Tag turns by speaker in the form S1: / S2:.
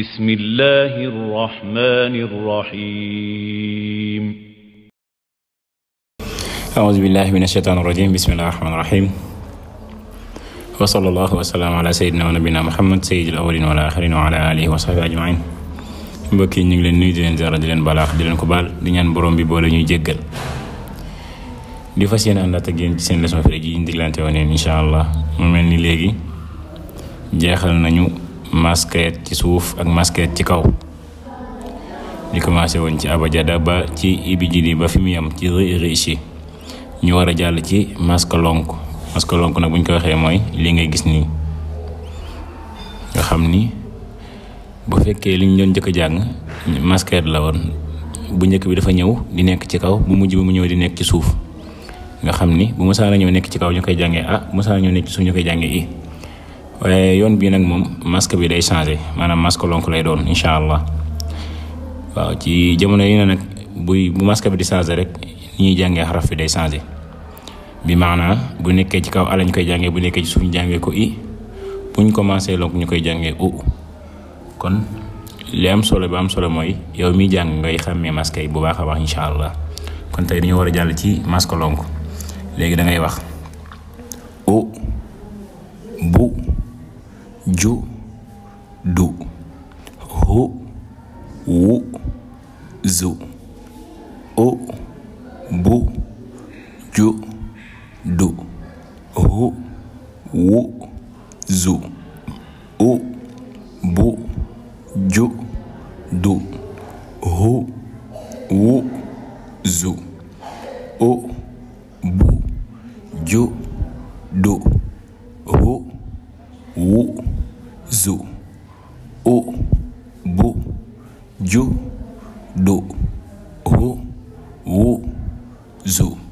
S1: بسم الله الرحمن الرحيم
S2: أعوذ بالله من الشيطان الرجيم بسم الله الرحمن الرحيم وصلى الله وسلم على سيدنا ونبينا محمد سيد الأولين والآخرين وعلى آله وصحبه أجمعين mbokk yi ñu ngi leen nuyu di leen zara di leen balaax di leen ko baal di ñaan borom bi boole ñuy jéggal di fas yéene àndaat ak yéen ci seen leçon fere ji ndiglante woon incha allah mu mel ni léegi jeexal nañu masquerade ci suuf ak masquerade ci kaw li commencé woon ci abajada ba ci ibijili ba fi muy yem ci riishi ñu war a jàll ci maskalonk maskalonk nag bu ñu ko waxee mooy li ngay gis nii nga xam ni bu fekkee li ñu doon njëkk a jàng masquerade la woon bu njëkk bi dafa ñëw di nekk ci kaw bu mujj bi mu ñëw di nekk ci suuf nga xam ni bu masaana ñëw nekk ci kaw ñu koy jàngee ah bu masaana ñëw nekk ci suuf ñu koy jàngee i waaye yoon bii nag moom masque bi day changé maanaam masque lonk lay doon incha allah waaw ci jamono yi ne nag buy bu masque bi di changé rek ni ñuy jàngee xaraf bi day changé bi maanaa bu nekkee ci kaw ala ñu koy jàngee bu nekkee ci suuf jàngee ko i buñ commencé lonk ñu koy jàngee u kon li am solo ba am solo mooy yow miy jàng ngay xàmmee masque yi bu baax a baax incha allah kon tey dañu war a jàll ci masque lonk léegi da ngay wax u
S1: bu ju du hu wu zu u bu ju du hu wu zu u bu ju du hu wu zu u bu ju du hu wu dụ u bu du đủ hữu vũ dụ